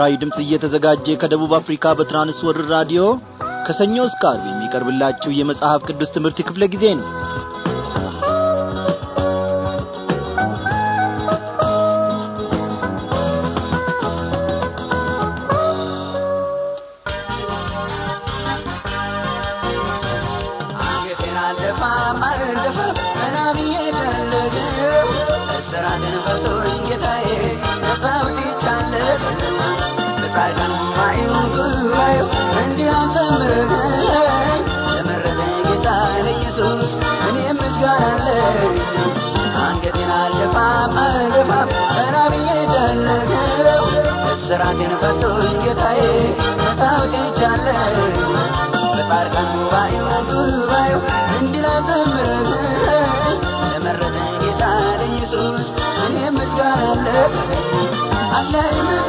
ለምስራዊ ድምጽ እየተዘጋጀ ከደቡብ አፍሪካ በትራንስ ራዲዮ ከሰኞ እስከ አርብ የሚቀርብላችሁ የመጽሐፍ ቅዱስ ትምህርት ክፍለ ጊዜ ነው። አንገቴን አልደፋም አልደፋም ቀና ብዬ ደነገው እስራቴን ፈቶኝ ጌታዬ በጣም ቀይቻለሁ በጻድቃን ጉባኤው ጉባኤው እንዲላዘምርህ ለመረጠኝ ጌታ ለኢየሱስ እኔ ምስጋና አለ አለ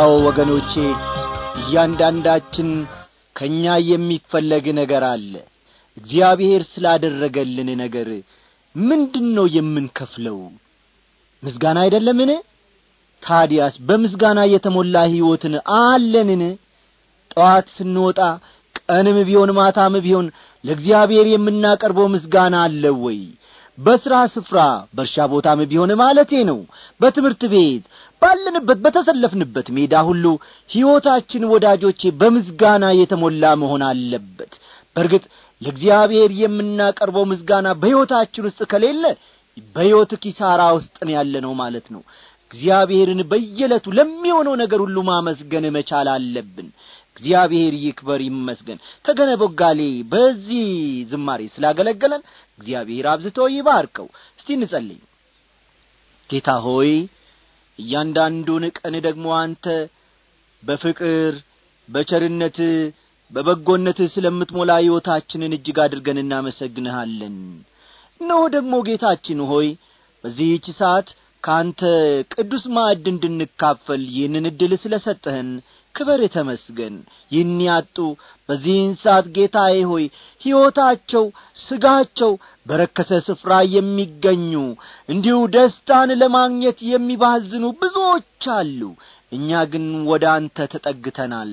አዎ ወገኖቼ እያንዳንዳችን ከእኛ የሚፈለግ ነገር አለ እግዚአብሔር ስላደረገልን ነገር ምንድነው የምንከፍለው ምስጋና አይደለምን ታዲያስ በምስጋና የተሞላ ሕይወትን አለንን ጠዋት ስንወጣ ቀንም ቢሆን ማታም ቢሆን ለእግዚአብሔር የምናቀርበው ምስጋና አለ ወይ በሥራ ስፍራ፣ በእርሻ ቦታም ቢሆን ማለቴ ነው፣ በትምህርት ቤት፣ ባለንበት በተሰለፍንበት ሜዳ ሁሉ ሕይወታችን ወዳጆቼ በምዝጋና የተሞላ መሆን አለበት። በእርግጥ ለእግዚአብሔር የምናቀርበው ምዝጋና በሕይወታችን ውስጥ ከሌለ በሕይወት ኪሳራ ውስጥን ያለ ነው ማለት ነው። እግዚአብሔርን በየዕለቱ ለሚሆነው ነገር ሁሉ ማመስገን መቻል አለብን። እግዚአብሔር ይክበር ይመስገን ተገነ ቦጋሌ በዚህ ዝማሬ ስላገለገለን እግዚአብሔር አብዝቶ ይባርከው እስቲ እንጸልይ ጌታ ሆይ እያንዳንዱን ቀን ደግሞ አንተ በፍቅር በቸርነት በበጎነት ስለምትሞላ ሕይወታችንን እጅግ አድርገን እናመሰግንሃለን እነሆ ደግሞ ጌታችን ሆይ በዚህች ሰዓት ከአንተ ቅዱስ ማዕድ እንድንካፈል ይህንን ዕድል ስለ ሰጠህን ክበር ተመስገን ይህን ያጡ በዚህን ሰዓት ጌታዬ ሆይ ሕይወታቸው ሥጋቸው በረከሰ ስፍራ የሚገኙ እንዲሁ ደስታን ለማግኘት የሚባዝኑ ብዙዎች አሉ እኛ ግን ወደ አንተ ተጠግተናል።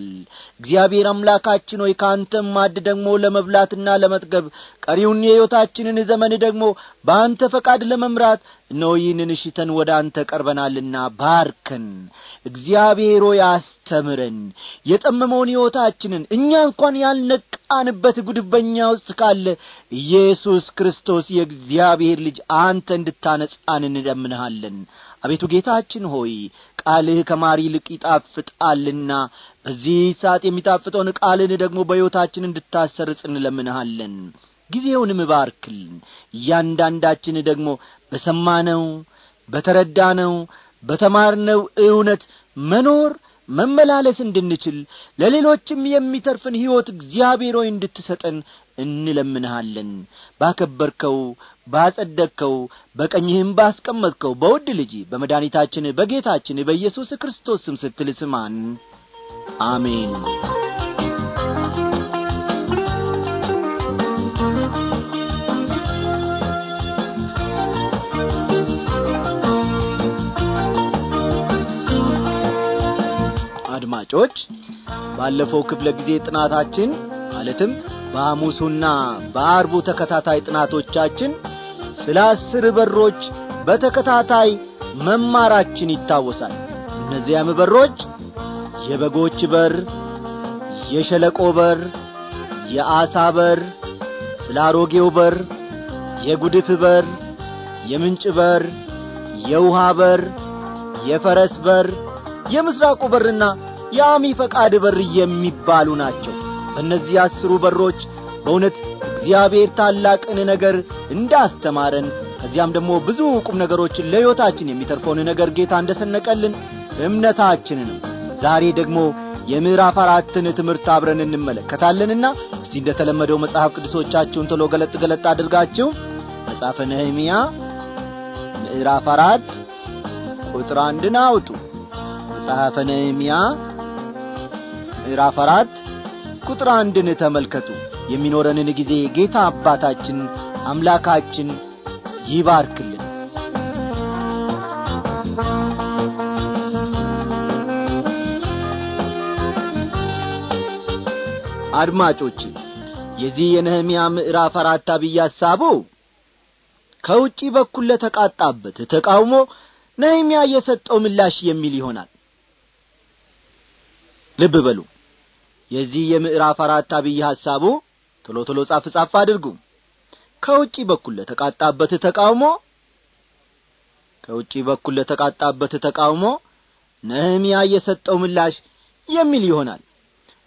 እግዚአብሔር አምላካችን ሆይ ከአንተም ማድ ደግሞ ለመብላትና ለመጥገብ ቀሪውን የሕይወታችንን ዘመን ደግሞ በአንተ ፈቃድ ለመምራት እነሆ ይህንን እሽተን ወደ አንተ ቀርበናልና ባርከን። እግዚአብሔር ሆይ አስተምረን። የጠመመውን ሕይወታችንን እኛ እንኳን ያልነቃንበት ጉድበኛ ውስጥ ካለ ኢየሱስ ክርስቶስ የእግዚአብሔር ልጅ አንተ እንድታነጻን እንደምንሃለን አቤቱ ጌታችን ሆይ ቃልህ ከማር ይልቅ ይጣፍጣልና በዚህ ሰዓት የሚጣፍጠውን ቃልን ደግሞ በሕይወታችን እንድታሰርጽ እንለምንሃለን ጊዜውንም ባርክልን እያንዳንዳችን ደግሞ በሰማነው በተረዳነው በተማርነው እውነት መኖር መመላለስ እንድንችል ለሌሎችም የሚተርፍን ሕይወት እግዚአብሔር ሆይ እንድትሰጠን እንለምንሃለን ባከበርከው ባጸደቅከው በቀኝህም ባስቀመጥከው በውድ ልጅ በመድኒታችን በጌታችን በኢየሱስ ክርስቶስ ስም ስትል ስማን አሜን አድማጮች ባለፈው ክፍለ ጊዜ ጥናታችን ማለትም በሐሙሱና በአርቡ ተከታታይ ጥናቶቻችን ስለ አስር በሮች በተከታታይ መማራችን ይታወሳል እነዚያም በሮች የበጎች በር የሸለቆ በር የአሳ በር ስለ አሮጌው በር የጉድፍ በር የምንጭ በር የውሃ በር የፈረስ በር የምስራቁ በርና የአሚ ፈቃድ በር የሚባሉ ናቸው በእነዚህ አስሩ በሮች በእውነት እግዚአብሔር ታላቅን ነገር እንዳስተማረን ከዚያም ደግሞ ብዙ ቁም ነገሮችን ለሕይወታችን የሚተርፈውን ነገር ጌታ እንደሰነቀልን ነው። ዛሬ ደግሞ የምዕራፍ አራትን ትምህርት አብረን እንመለከታለንና እስቲ እንደተለመደው መጽሐፍ ቅዱሶቻችሁን ቶሎ ገለጥ ገለጥ አድርጋችሁ መጽሐፈ ነህምያ ምዕራፍ አራት ቁጥር አንድን አውጡ መጽሐፈ ነህምያ ምዕራፍ አራት ቁጥር አንድን ተመልከቱ የሚኖረንን ጊዜ ጌታ አባታችን አምላካችን ይባርክልን አድማጮች የዚህ የነህምያ ምዕራፍ አራት አብይ ሐሳቡ ከውጪ በኩል ለተቃጣበት ተቃውሞ ነህምያ የሰጠው ምላሽ የሚል ይሆናል ልብ በሉ የዚህ የምዕራፍ አራት አብይ ሐሳቡ ቶሎ ቶሎ ጻፍ ጻፍ አድርጉ ከውጪ በኩል ለተቃጣበት ተቃውሞ ከውጪ በኩል ለተቃጣበት ተቃውሞ ነህምያ የሰጠው ምላሽ የሚል ይሆናል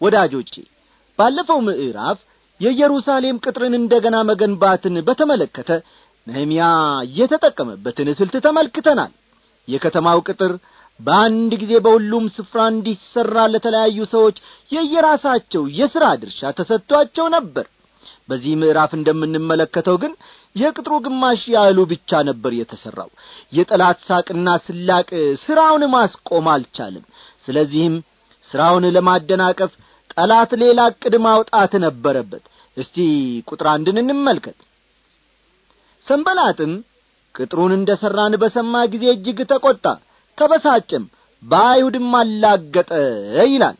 ወዳጆቼ ባለፈው ምዕራፍ የኢየሩሳሌም ቅጥርን እንደገና መገንባትን በተመለከተ ነህምያ የተጠቀመበትን ስልት ተመልክተናል የከተማው ቅጥር በአንድ ጊዜ በሁሉም ስፍራ እንዲሠራ ለተለያዩ ሰዎች የየራሳቸው የሥራ ድርሻ ተሰጥቷቸው ነበር በዚህ ምዕራፍ እንደምንመለከተው ግን የቅጥሩ ግማሽ ያህሉ ብቻ ነበር የተሠራው የጠላት ሳቅና ስላቅ ሥራውን ማስቆም አልቻለም ስለዚህም ሥራውን ለማደናቀፍ ጠላት ሌላ ቅድ ማውጣት ነበረበት እስቲ ቁጥር አንድን እንመልከት ሰንበላጥም ቅጥሩን እንደ ሠራን በሰማ ጊዜ እጅግ ተቈጣ ተበሳጭም በአይሁድም አላገጠ ይላል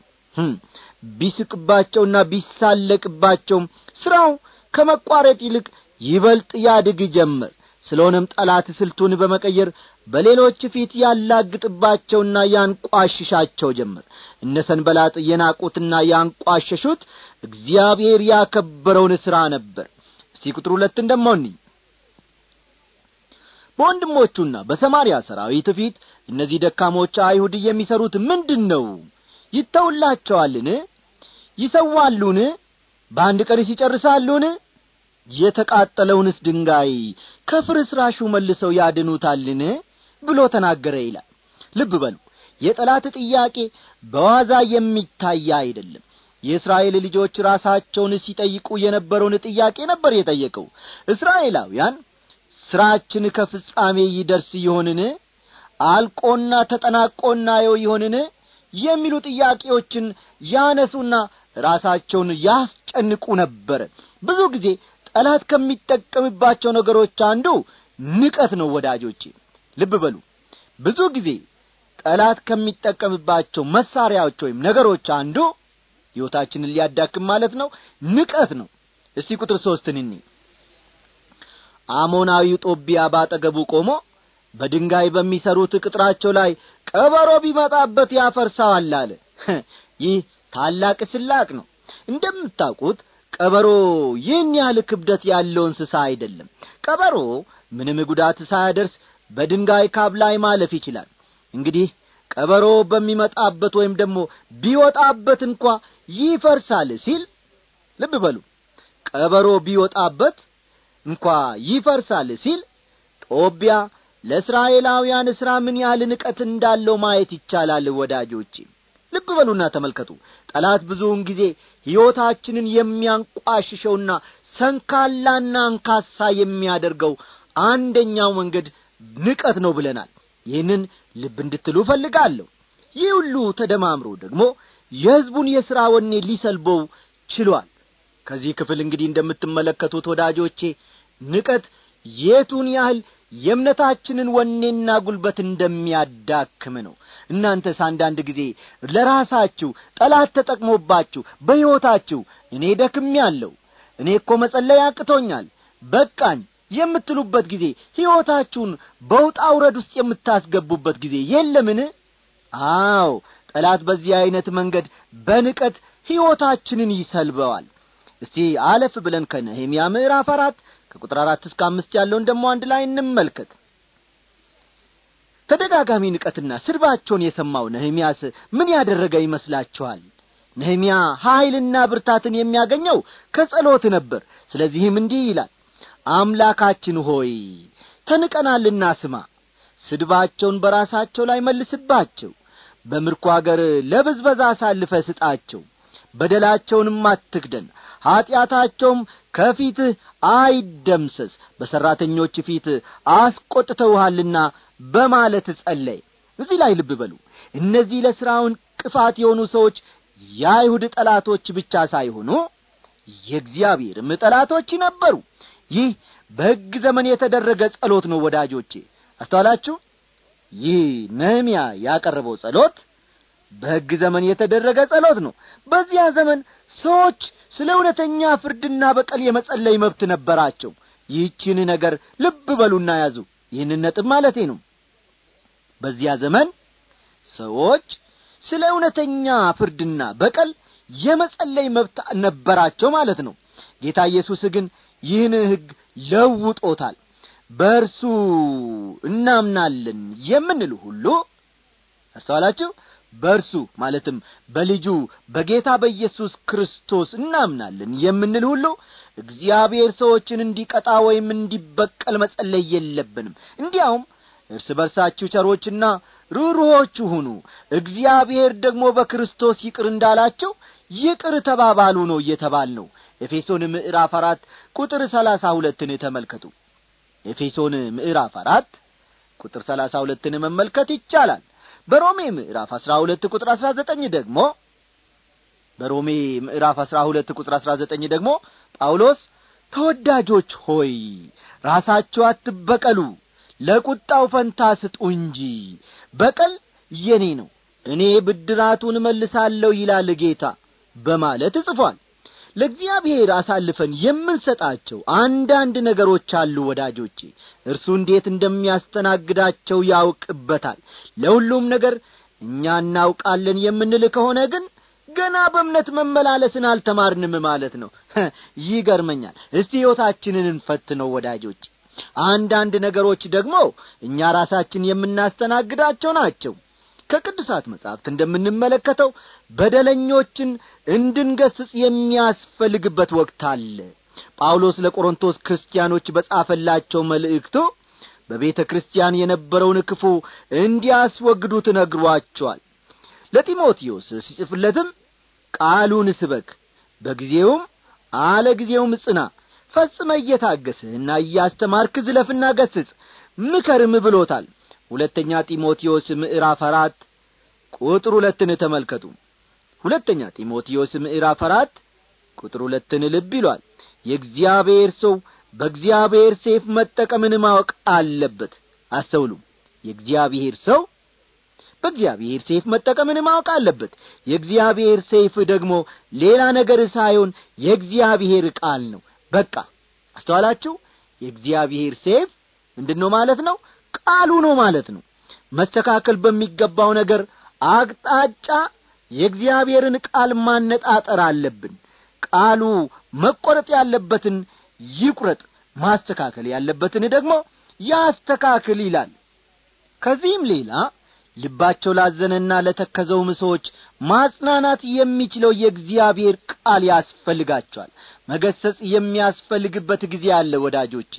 ቢስቅባቸውና ቢሳለቅባቸውም ሥራው ከመቋረጥ ይልቅ ይበልጥ ያድግ ጀመር ስለሆነም ጠላት ስልቱን በመቀየር በሌሎች ፊት ያላግጥባቸውና ያንቋሽሻቸው ጀምር እነ ሰንበላጥ የናቁትና ያንቋሸሹት እግዚአብሔር ያከበረውን ሥራ ነበር እስቲ ቁጥር ሁለትን ደሞኒ በወንድሞቹና በሰማርያ ሰራዊት ፊት እነዚህ ደካሞች አይሁድ የሚሰሩት ምንድን ነው ይተውላቸዋልን ይሰዋሉን በአንድ ቀንስ ይጨርሳሉን የተቃጠለውንስ ድንጋይ ከፍርስራሹ መልሰው ያድኑታልን ብሎ ተናገረ ይላል ልብ በሉ የጠላት ጥያቄ በዋዛ የሚታይ አይደለም የእስራኤል ልጆች ራሳቸውን ሲጠይቁ የነበረውን ጥያቄ ነበር የጠየቀው እስራኤላውያን ሥራችን ከፍጻሜ ይደርስ ይሆንን አልቆና ተጠናቆ የው ይሆንን የሚሉ ጥያቄዎችን ያነሱና ራሳቸውን ያስጨንቁ ነበር ብዙ ጊዜ ጠላት ከሚጠቀምባቸው ነገሮች አንዱ ንቀት ነው ወዳጆቼ ልብ በሉ ብዙ ጊዜ ጠላት ከሚጠቀምባቸው መሳሪያዎች ወይም ነገሮች አንዱ ሕይወታችንን ሊያዳክም ማለት ነው ንቀት ነው እስቲ ቁጥር ሦስትን አሞናዊው ጦቢያ ባጠገቡ ቆሞ በድንጋይ በሚሠሩት ቅጥራቸው ላይ ቀበሮ ቢመጣበት ያፈርሰዋል አለ። ይህ ታላቅ ስላቅ ነው። እንደምታውቁት ቀበሮ ይህን ያህል ክብደት ያለው እንስሳ አይደለም። ቀበሮ ምንም ጉዳት ሳያደርስ በድንጋይ ካብ ላይ ማለፍ ይችላል። እንግዲህ ቀበሮ በሚመጣበት ወይም ደግሞ ቢወጣበት እንኳ ይፈርሳል ሲል ልብ በሉ። ቀበሮ ቢወጣበት እንኳ ይፈርሳል ሲል ጦቢያ ለእስራኤላውያን ሥራ ምን ያህል ንቀት እንዳለው ማየት ይቻላል ወዳጆቼ ልብ በሉና ተመልከቱ ጠላት ብዙውን ጊዜ ሕይወታችንን የሚያንቋሽሸውና ሰንካላና አንካሳ የሚያደርገው አንደኛው መንገድ ንቀት ነው ብለናል ይህንን ልብ እንድትሉ እፈልጋለሁ ይህ ሁሉ ተደማምሮ ደግሞ የሕዝቡን የሥራ ወኔ ሊሰልበው ችሏል ከዚህ ክፍል እንግዲህ እንደምትመለከቱት ወዳጆቼ ንቀት የቱን ያህል የእምነታችንን ወኔና ጉልበት እንደሚያዳክም ነው እናንተስ አንዳንድ ጊዜ ለራሳችሁ ጠላት ተጠቅሞባችሁ በሕይወታችሁ እኔ ደክም ያለው እኔ እኮ መጸለይ አቅቶኛል በቃኝ የምትሉበት ጊዜ ሕይወታችሁን በውጣ ውረድ ውስጥ የምታስገቡበት ጊዜ የለምን አዎ ጠላት በዚህ ዐይነት መንገድ በንቀት ሕይወታችንን ይሰልበዋል እስቲ አለፍ ብለን ከነህምያ ምዕራፍ አራት ከቁጥር አራት እስከ አምስት ያለውን ደሞ አንድ ላይ እንመልከት ተደጋጋሚ ንቀትና ስድባቸውን የሰማው ነህምያስ ምን ያደረገ ይመስላችኋል ነህምያ ኀይልና ብርታትን የሚያገኘው ከጸሎት ነበር ስለዚህም እንዲህ ይላል አምላካችን ሆይ ተንቀናልና ስማ ስድባቸውን በራሳቸው ላይ መልስባቸው በምርኮ አገር ለብዝበዛ አሳልፈ ስጣቸው በደላቸውንም አትግደን ኀጢአታቸውም ከፊትህ አይደምሰስ በሠራተኞች ፊት አስቈጥተውሃልና በማለት ጸለይ እዚህ ላይ ልብ በሉ እነዚህ ለሥራውን ቅፋት የሆኑ ሰዎች የአይሁድ ጠላቶች ብቻ ሳይሆኑ የእግዚአብሔርም ጠላቶች ነበሩ ይህ በሕግ ዘመን የተደረገ ጸሎት ነው ወዳጆቼ አስተዋላችሁ ይህ ነህምያ ያቀረበው ጸሎት በሕግ ዘመን የተደረገ ጸሎት ነው በዚያ ዘመን ሰዎች ስለ እውነተኛ ፍርድና በቀል የመጸለይ መብት ነበራቸው ይህችን ነገር ልብ በሉና ያዙ ይህንን ነጥብ ማለቴ ነው በዚያ ዘመን ሰዎች ስለ እውነተኛ ፍርድና በቀል የመጸለይ መብት ነበራቸው ማለት ነው ጌታ ኢየሱስ ግን ይህን ሕግ ለውጦታል በእርሱ እናምናለን የምንል ሁሉ አስተዋላችሁ በእርሱ ማለትም በልጁ በጌታ በኢየሱስ ክርስቶስ እናምናለን የምንል ሁሉ እግዚአብሔር ሰዎችን እንዲቀጣ ወይም እንዲበቀል መጸለይ የለብንም እንዲያውም እርስ በርሳችሁ ቸሮችና ርኅሩሆች ሁኑ እግዚአብሔር ደግሞ በክርስቶስ ይቅር እንዳላቸው ይቅር ተባባሉ ነው እየተባል ነው ኤፌሶን ምዕራፍ አራት ቁጥር ሰላሳ ሁለትን ተመልከቱ ኤፌሶን ምዕራፍ አራት ቁጥር ሰላሳ ሁለትን መመልከት ይቻላል በሮሜ ምዕራፍ አስራ ሁለት ቁጥር አስራ ዘጠኝ ደግሞ በሮሜ ምዕራፍ አስራ ሁለት ቁጥር አስራ ዘጠኝ ደግሞ ጳውሎስ ተወዳጆች ሆይ ራሳችሁ አትበቀሉ፣ ለቁጣው ፈንታ ስጡ እንጂ በቀል የኔ ነው፣ እኔ ብድራቱን መልሳለሁ ይላል ጌታ በማለት ጽፏል። ለእግዚአብሔር አሳልፈን የምንሰጣቸው አንዳንድ ነገሮች አሉ ወዳጆቼ እርሱ እንዴት እንደሚያስተናግዳቸው ያውቅበታል ለሁሉም ነገር እኛ እናውቃለን የምንል ከሆነ ግን ገና በእምነት መመላለስን አልተማርንም ማለት ነው ይገርመኛል እስቲ ሕይወታችንን እንፈትነው ወዳጆች አንዳንድ ነገሮች ደግሞ እኛ ራሳችን የምናስተናግዳቸው ናቸው ከቅዱሳት መጻሕፍት እንደምንመለከተው በደለኞችን እንድንገስጽ የሚያስፈልግበት ወቅት አለ ጳውሎስ ለቆሮንቶስ ክርስቲያኖች በጻፈላቸው መልእክቱ በቤተ ክርስቲያን የነበረውን ክፉ እንዲያስወግዱ ትነግሯቸዋል ለጢሞቴዎስ ሲጽፍለትም ቃሉን ስበክ በጊዜውም አለ ጊዜውም ጽና ፈጽመ እየታገስህና እያስተማርክ ዝለፍና ገስጽ ምከርም ብሎታል ሁለተኛ ጢሞቴዎስ ምዕራፍ አራት ቁጥር ሁለትን ተመልከቱ ሁለተኛ ጢሞቴዎስ ምዕራፍ አራት ቁጥር ሁለትን ልብ ይሏል የእግዚአብሔር ሰው በእግዚአብሔር ሴፍ መጠቀምን ማወቅ አለበት አስተውሉ የእግዚአብሔር ሰው በእግዚአብሔር ሴፍ መጠቀምን ማወቅ አለበት የእግዚአብሔር ሴፍ ደግሞ ሌላ ነገር ሳይሆን የእግዚአብሔር ቃል ነው በቃ አስተዋላችሁ የእግዚአብሔር ሴፍ ምንድን ነው ማለት ነው ቃሉ ነው ማለት ነው መስተካከል በሚገባው ነገር አቅጣጫ የእግዚአብሔርን ቃል ማነጣጠር አለብን ቃሉ መቆረጥ ያለበትን ይቁረጥ ማስተካከል ያለበትን ደግሞ ያስተካክል ይላል ከዚህም ሌላ ልባቸው ላዘነና ለተከዘውም ሰዎች ማጽናናት የሚችለው የእግዚአብሔር ቃል ያስፈልጋቸዋል መገሰጽ የሚያስፈልግበት ጊዜ አለ ወዳጆቼ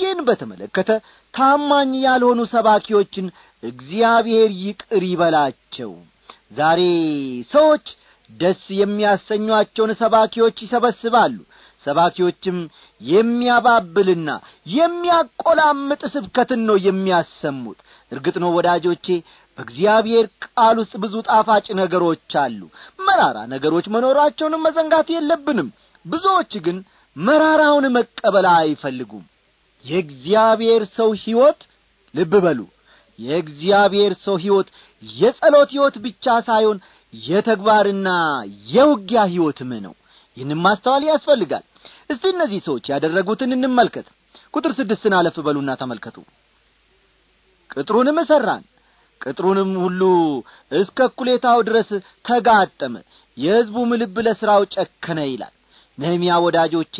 ይህን በተመለከተ ታማኝ ያልሆኑ ሰባኪዎችን እግዚአብሔር ይቅር ይበላቸው ዛሬ ሰዎች ደስ የሚያሰኟቸውን ሰባኪዎች ይሰበስባሉ ሰባኪዎችም የሚያባብልና የሚያቆላምጥ ስብከትን ነው የሚያሰሙት እርግጥ ነው ወዳጆቼ በእግዚአብሔር ቃል ውስጥ ብዙ ጣፋጭ ነገሮች አሉ መራራ ነገሮች መኖራቸውንም መዘንጋት የለብንም ብዙዎች ግን መራራውን መቀበል አይፈልጉም የእግዚአብሔር ሰው ሕይወት ልብ በሉ የእግዚአብሔር ሰው ሕይወት የጸሎት ሕይወት ብቻ ሳይሆን የተግባርና የውጊያ ሕይወትም ነው ይህንም ማስተዋል ያስፈልጋል እስቲ እነዚህ ሰዎች ያደረጉትን እንመልከት። ቁጥር ስድስትን አለፍ በሉና ተመልከቱ። ቅጥሩንም እሠራን፣ ቅጥሩንም ሁሉ እስከ ኩሌታው ድረስ ተጋጠመ፣ የሕዝቡም ልብ ለሥራው ጨከነ ይላል። ነህምያ ወዳጆቼ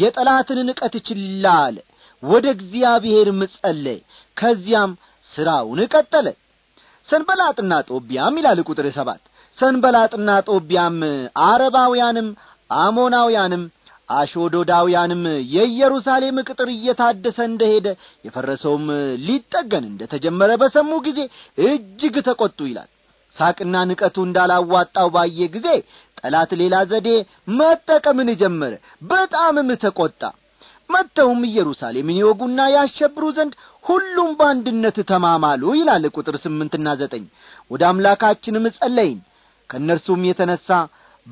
የጠላትን ንቀት ችላ አለ። ወደ እግዚአብሔር ምጸለይ፣ ከዚያም ሥራውን ቀጠለ። ሰንበላጥና ጦቢያም ይላል ቁጥር ሰባት ሰንበላጥና ጦቢያም አረባውያንም አሞናውያንም አሾዶዳውያንም የኢየሩሳሌም ቅጥር እየታደሰ እንደሄደ የፈረሰውም ሊጠገን እንደ ተጀመረ በሰሙ ጊዜ እጅግ ተቈጡ ይላል ሳቅና ንቀቱ እንዳላዋጣው ባየ ጊዜ ጠላት ሌላ ዘዴ መጠቀምን ጀመረ በጣምም ተቈጣ መጥተውም ኢየሩሳሌምን ይወጉና ያሸብሩ ዘንድ ሁሉም በአንድነት ተማማሉ ይላል ቁጥር ስምንትና ዘጠኝ ወደ አምላካችንም ጸለይን ከእነርሱም የተነሣ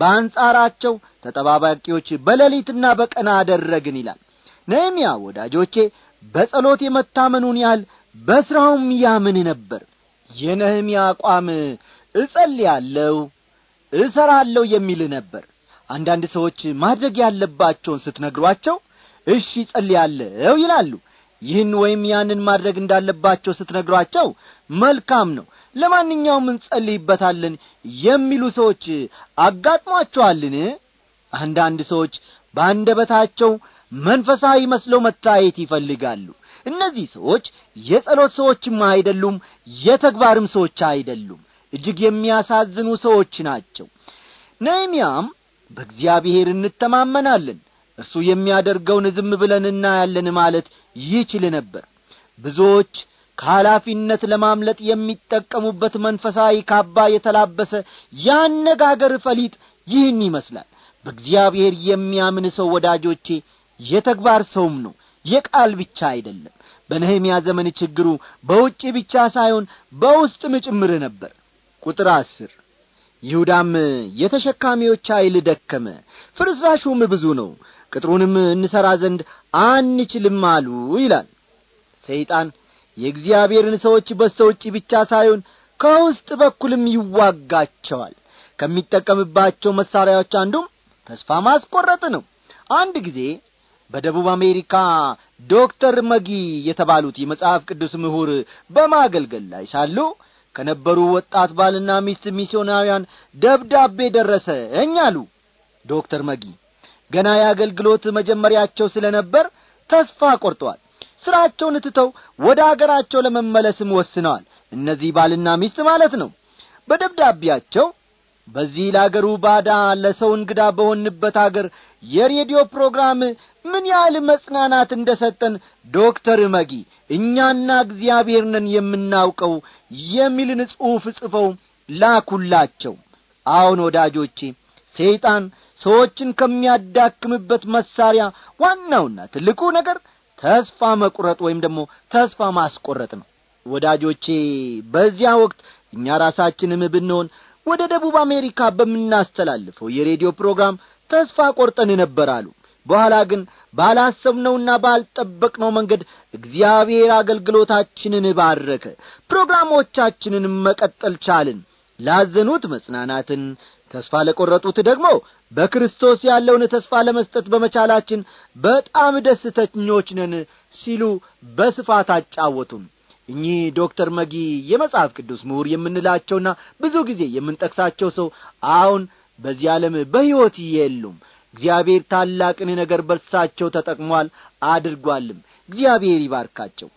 በአንጻራቸው ተጠባባቂዎች በሌሊትና በቀና አደረግን ይላል ነህምያ ወዳጆቼ በጸሎት የመታመኑን ያህል በሥራውም ያምን ነበር የነህምያ አቋም እጸልያለሁ እሰራለሁ የሚል ነበር አንዳንድ ሰዎች ማድረግ ያለባቸውን ስትነግሯቸው እሺ ጸልያለሁ ይላሉ ይህን ወይም ያንን ማድረግ እንዳለባቸው ስትነግሯቸው መልካም ነው ለማንኛውም እንጸልይበታለን የሚሉ ሰዎች አጋጥሟቸዋልን አንዳንድ ሰዎች በአንደበታቸው መንፈሳዊ መስለው መታየት ይፈልጋሉ እነዚህ ሰዎች የጸሎት ሰዎችም አይደሉም የተግባርም ሰዎች አይደሉም እጅግ የሚያሳዝኑ ሰዎች ናቸው ነህምያም በእግዚአብሔር እንተማመናለን እርሱ የሚያደርገውን ዝም ብለን እናያለን ማለት ይችል ነበር ብዙዎች ከኃላፊነት ለማምለጥ የሚጠቀሙበት መንፈሳዊ ካባ የተላበሰ ያነጋገር ፈሊጥ ይህን ይመስላል በእግዚአብሔር የሚያምን ሰው ወዳጆቼ የተግባር ሰውም ነው የቃል ብቻ አይደለም በነህምያ ዘመን ችግሩ በውጭ ብቻ ሳይሆን በውስጥም ጭምር ነበር ቁጥር አስር ይሁዳም የተሸካሚዎች ኃይል ደከመ ፍርስራሹም ብዙ ነው ቅጥሩንም እንሠራ ዘንድ አንችልም አሉ ይላል ሰይጣን የእግዚአብሔርን ሰዎች በስተ ውጭ ብቻ ሳይሆን ከውስጥ በኩልም ይዋጋቸዋል ከሚጠቀምባቸው መሣሪያዎች አንዱም ተስፋ ማስቆረጥ ነው አንድ ጊዜ በደቡብ አሜሪካ ዶክተር መጊ የተባሉት የመጽሐፍ ቅዱስ ምሁር በማገልገል ላይ ሳሉ ከነበሩ ወጣት ባልና ሚስት ሚስዮናውያን ደብዳቤ ደረሰኝ አሉ ዶክተር መጊ ገና የአገልግሎት መጀመሪያቸው ስለ ነበር ተስፋ ቆርጠዋል ሥራቸውን ትተው ወደ አገራቸው ለመመለስም ወስነዋል እነዚህ ባልና ሚስት ማለት ነው በደብዳቤያቸው በዚህ ለአገሩ ባዳ ለሰው እንግዳ በሆንበት አገር የሬዲዮ ፕሮግራም ምን ያህል መጽናናት እንደ ሰጠን ዶክተር መጊ እኛና እግዚአብሔር የምናውቀው የሚልን ጽሑፍ ጽፈው ላኩላቸው። አሁን ወዳጆቼ፣ ሰይጣን ሰዎችን ከሚያዳክምበት መሳሪያ ዋናውና ትልቁ ነገር ተስፋ መቁረጥ ወይም ደግሞ ተስፋ ማስቆረጥ ነው። ወዳጆቼ፣ በዚያ ወቅት እኛ ራሳችንም ብንሆን ወደ ደቡብ አሜሪካ በምናስተላልፈው የሬዲዮ ፕሮግራም ተስፋ ቆርጠን ነበር አሉ። በኋላ ግን ባላሰብነውና ባልጠበቅነው መንገድ እግዚአብሔር አገልግሎታችንን ባረከ። ፕሮግራሞቻችንን መቀጠል ቻልን። ላዘኑት መጽናናትን፣ ተስፋ ለቈረጡት ደግሞ በክርስቶስ ያለውን ተስፋ ለመስጠት በመቻላችን በጣም ደስተኞች ነን ሲሉ በስፋት አጫወቱን። እኚህ ዶክተር መጊ የመጽሐፍ ቅዱስ ምሁር የምንላቸውና ብዙ ጊዜ የምንጠቅሳቸው ሰው አሁን በዚህ ዓለም በሕይወት የሉም እግዚአብሔር ታላቅን ነገር በርሳቸው ተጠቅሟል አድርጓልም እግዚአብሔር ይባርካቸው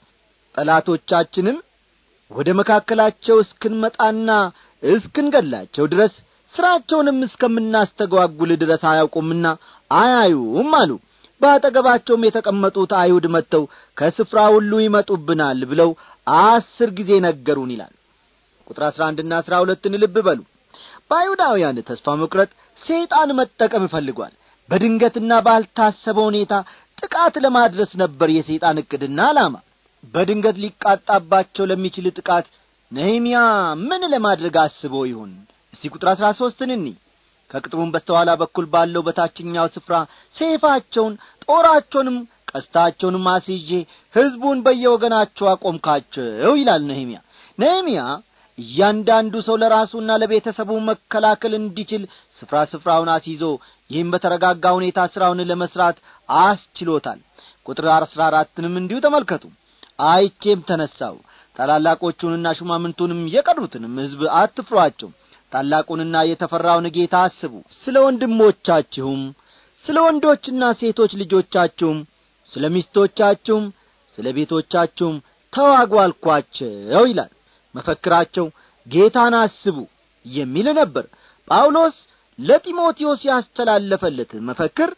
ጠላቶቻችንም ወደ መካከላቸው እስክንመጣና እስክንገላቸው ድረስ ሥራቸውንም እስከምናስተጓጉል ድረስ አያውቁምና አያዩም አሉ በአጠገባቸውም የተቀመጡት አይሁድ መጥተው ከስፍራ ሁሉ ይመጡብናል ብለው አስር ጊዜ ነገሩን ይላል ቁጥር አስራ አንድና አስራ ሁለትን ልብ በሉ በአይሁዳውያን ተስፋ መቁረጥ ሰይጣን መጠቀም ፈልጓል በድንገትና ባልታሰበ ሁኔታ ጥቃት ለማድረስ ነበር የሰይጣን እቅድና ዓላማ በድንገት ሊቃጣባቸው ለሚችል ጥቃት ነህምያ ምን ለማድረግ አስቦ ይሁን እስቲ ቁጥር አሥራ ሦስትን እኒ ከቅጥሩም በስተኋላ በኩል ባለው በታችኛው ስፍራ ሰይፋቸውን ጦራቸውንም ቀስታቸውን አስይዤ ሕዝቡን በየወገናቸው አቆምካቸው ይላል ነህምያ ነህምያ እያንዳንዱ ሰው ለራሱና ለቤተሰቡ መከላከል እንዲችል ስፍራ ስፍራውን አስይዞ ይህም በተረጋጋ ሁኔታ ሥራውን ለመሥራት አስችሎታል ቁጥር አስራ አራትንም እንዲሁ ተመልከቱ አይቼም ተነሳው ታላላቆቹንና ሹማምንቱንም የቀሩትንም ሕዝብ አትፍሯቸው ታላቁንና የተፈራውን ጌታ አስቡ ስለ ወንድሞቻችሁም ስለ ወንዶችና ሴቶች ልጆቻችሁም ስለ ሚስቶቻችሁም ስለ ቤቶቻችሁም ተዋጉ አልኳቸው ይላል መፈክራቸው ጌታን አስቡ የሚል ነበር ጳውሎስ ለጢሞቴዎስ ያስተላለፈለት መፈክር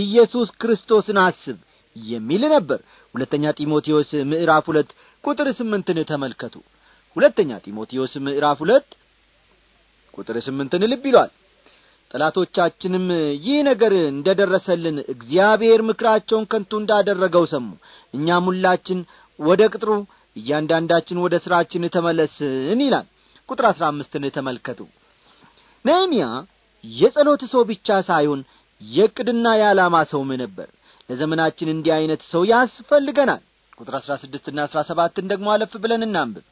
ኢየሱስ ክርስቶስን አስብ የሚል ነበር ሁለተኛ ጢሞቴዎስ ምዕራፍ ሁለት ቁጥር ስምንትን ተመልከቱ ሁለተኛ ጢሞቴዎስ ምዕራፍ ሁለት ቁጥር ስምንትን ልብ ይሏል ጠላቶቻችንም ይህ ነገር እንደ ደረሰልን እግዚአብሔር ምክራቸውን ከንቱ እንዳደረገው ሰሙ እኛም ሁላችን ወደ ቅጥሩ እያንዳንዳችን ወደ ሥራችን ተመለስን ይላል ቁጥር አሥራ አምስትን ተመልከቱ ነህምያ የጸሎት ሰው ብቻ ሳይሆን የቅድና የዓላማ ሰውም ነበር ለዘመናችን እንዲህ ዐይነት ሰው ያስፈልገናል ቁጥር አሥራ ስድስትና አሥራ ሰባትን ደግሞ አለፍ ብለን እናንብብ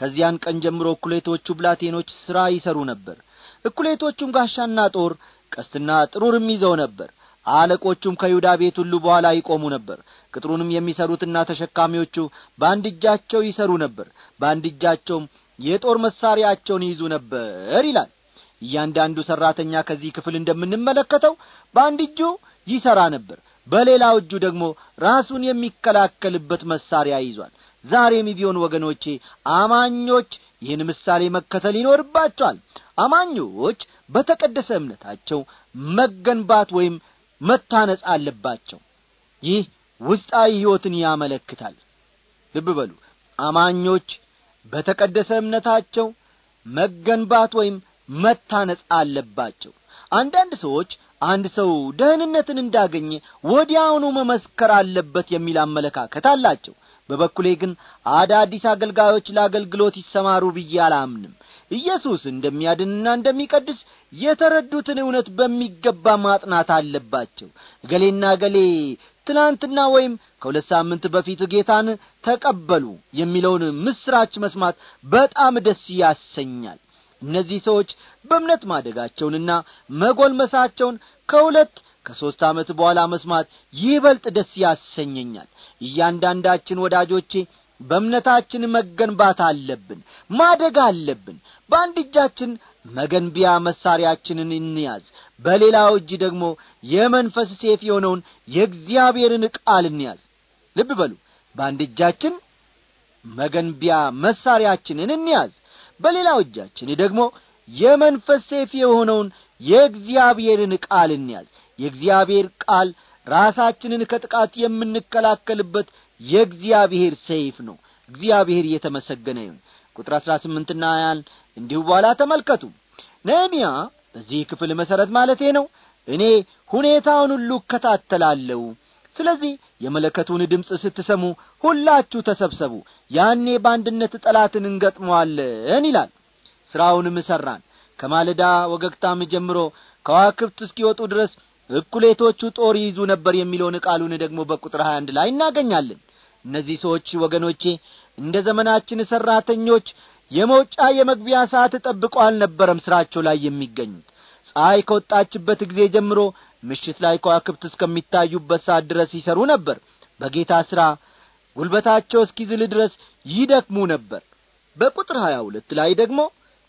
ከዚያን ቀን ጀምሮ ኩሌቶቹ ብላቴኖች ሥራ ይሠሩ ነበር እኩሌቶቹም ጋሻና ጦር ቀስትና ጥሩርም ይዘው ነበር አለቆቹም ከይሁዳ ቤት ሁሉ በኋላ ይቆሙ ነበር ቅጥሩንም የሚሰሩትና ተሸካሚዎቹ በአንድ እጃቸው ይሰሩ ነበር በአንድ እጃቸውም የጦር መሳሪያቸውን ይይዙ ነበር ይላል እያንዳንዱ ሠራተኛ ከዚህ ክፍል እንደምንመለከተው በአንድ እጁ ይሠራ ነበር በሌላው እጁ ደግሞ ራሱን የሚከላከልበት መሳሪያ ይዟል ዛሬም ቢሆን ወገኖቼ አማኞች ይህን ምሳሌ መከተል ይኖርባቸዋል አማኞች በተቀደሰ እምነታቸው መገንባት ወይም መታነጽ አለባቸው ይህ ውስጣዊ ሕይወትን ያመለክታል ልብ በሉ አማኞች በተቀደሰ እምነታቸው መገንባት ወይም መታነጽ አለባቸው አንዳንድ ሰዎች አንድ ሰው ደህንነትን እንዳገኘ ወዲያውኑ መመስከር አለበት የሚል አመለካከት አላቸው በበኩሌ ግን አዳዲስ አገልጋዮች ለአገልግሎት ይሰማሩ ብዬ አላምንም ኢየሱስ እንደሚያድንና እንደሚቀድስ የተረዱትን እውነት በሚገባ ማጥናት አለባቸው እገሌና እገሌ ትናንትና ወይም ከሁለት ሳምንት በፊት ጌታን ተቀበሉ የሚለውን ምስራች መስማት በጣም ደስ ያሰኛል እነዚህ ሰዎች በእምነት ማደጋቸውንና መጎልመሳቸውን ከሁለት ከሦስት ዓመት በኋላ መስማት ይበልጥ ደስ ያሰኘኛል እያንዳንዳችን ወዳጆቼ በእምነታችን መገንባት አለብን ማደግ አለብን በአንድ እጃችን መገንቢያ መሣሪያችንን እንያዝ በሌላው እጅ ደግሞ የመንፈስ ሴፍ የሆነውን የእግዚአብሔርን ቃል እንያዝ ልብ በሉ በአንድ እጃችን መገንቢያ መሣሪያችንን እንያዝ በሌላው እጃችን ደግሞ የመንፈስ ሴፍ የሆነውን የእግዚአብሔርን ቃል እንያዝ የእግዚአብሔር ቃል ራሳችንን ከጥቃት የምንከላከልበት የእግዚአብሔር ሰይፍ ነው እግዚአብሔር እየተመሰገነ ይሁን ቁጥር አሥራ ስምንትና ያን እንዲሁ በኋላ ተመልከቱ ነህምያ በዚህ ክፍል መሠረት ማለቴ ነው እኔ ሁኔታውን ሁሉ እከታተላለሁ ስለዚህ የመለከቱን ድምፅ ስትሰሙ ሁላችሁ ተሰብሰቡ ያኔ በአንድነት ጠላትን እንገጥመዋለን ይላል ሥራውንም እሠራን ከማለዳ ወገግታም ጀምሮ ከዋክብት እስኪወጡ ድረስ እኩሌቶቹ ጦር ይይዙ ነበር የሚለውን ቃሉን ደግሞ በቁጥር 21 ላይ እናገኛለን እነዚህ ሰዎች ወገኖቼ እንደ ዘመናችን ሠራተኞች የመውጫ የመግቢያ ሰዓት ጠብቆ አልነበረም ሥራቸው ላይ የሚገኙት ፀሐይ ከወጣችበት ጊዜ ጀምሮ ምሽት ላይ ከዋክብት እስከሚታዩበት ሰዓት ድረስ ይሠሩ ነበር በጌታ ሥራ ጉልበታቸው እስኪዝል ድረስ ይደክሙ ነበር በቁጥር ሀያ ሁለት ላይ ደግሞ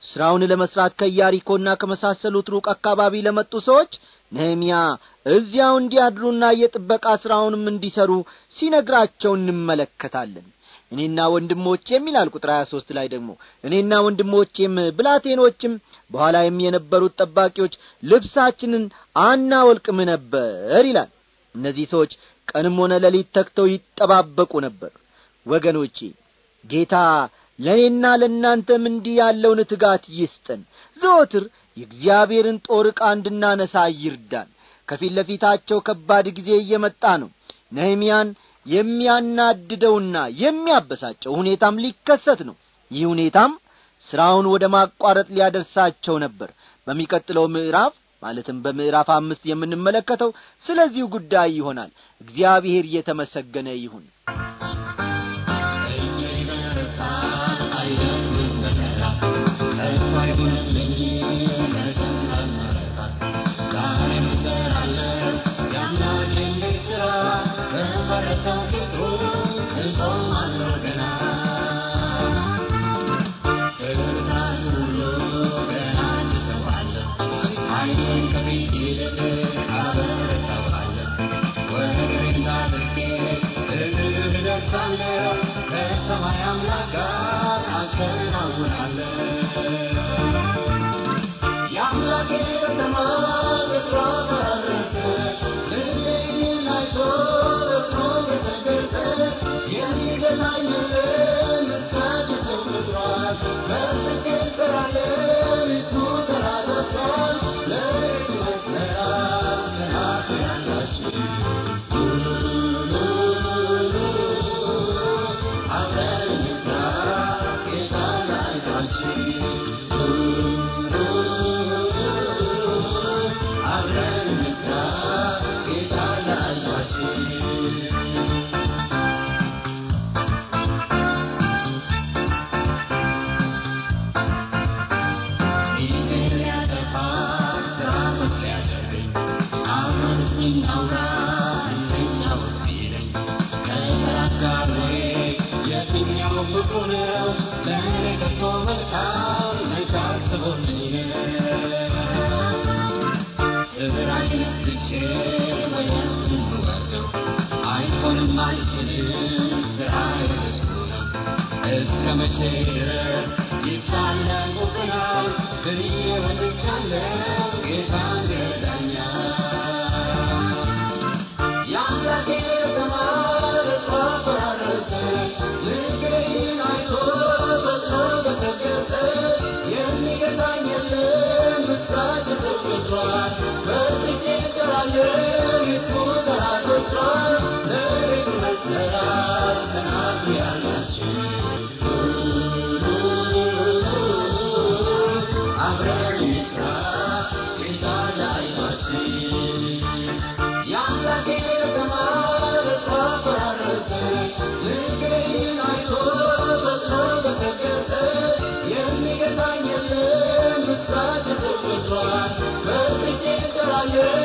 ሥራውን ለመሥራት ከያሪኮና ከመሳሰሉት ሩቅ አካባቢ ለመጡ ሰዎች ነህምያ እዚያው እንዲያድሩና የጥበቃ ሥራውንም እንዲሠሩ ሲነግራቸው እንመለከታለን እኔና ወንድሞቼም ይላል ቁጥር ሀያ ሦስት ላይ ደግሞ እኔና ወንድሞቼም ብላቴኖችም በኋላይም የነበሩት ጠባቂዎች ልብሳችንን አናወልቅም ነበር ይላል እነዚህ ሰዎች ቀንም ሆነ ሌሊት ተግተው ይጠባበቁ ነበር ወገኖቼ ጌታ ለእኔና ለእናንተም እንዲህ ያለውን ትጋት ይስጥን ዘወትር የእግዚአብሔርን ጦር ዕቃ እንድናነሳ ይርዳን ከፊት ለፊታቸው ከባድ ጊዜ እየመጣ ነው ነህምያን የሚያናድደውና የሚያበሳጨው ሁኔታም ሊከሰት ነው ይህ ሁኔታም ሥራውን ወደ ማቋረጥ ሊያደርሳቸው ነበር በሚቀጥለው ምዕራፍ ማለትም በምዕራፍ አምስት የምንመለከተው ስለዚሁ ጉዳይ ይሆናል እግዚአብሔር እየተመሰገነ ይሁን Christmas. የማልችል ስራ የበዙ ነው እስከ ይሳለቁብናል ብዬ ወጥቻለሁ Cause the fait are de la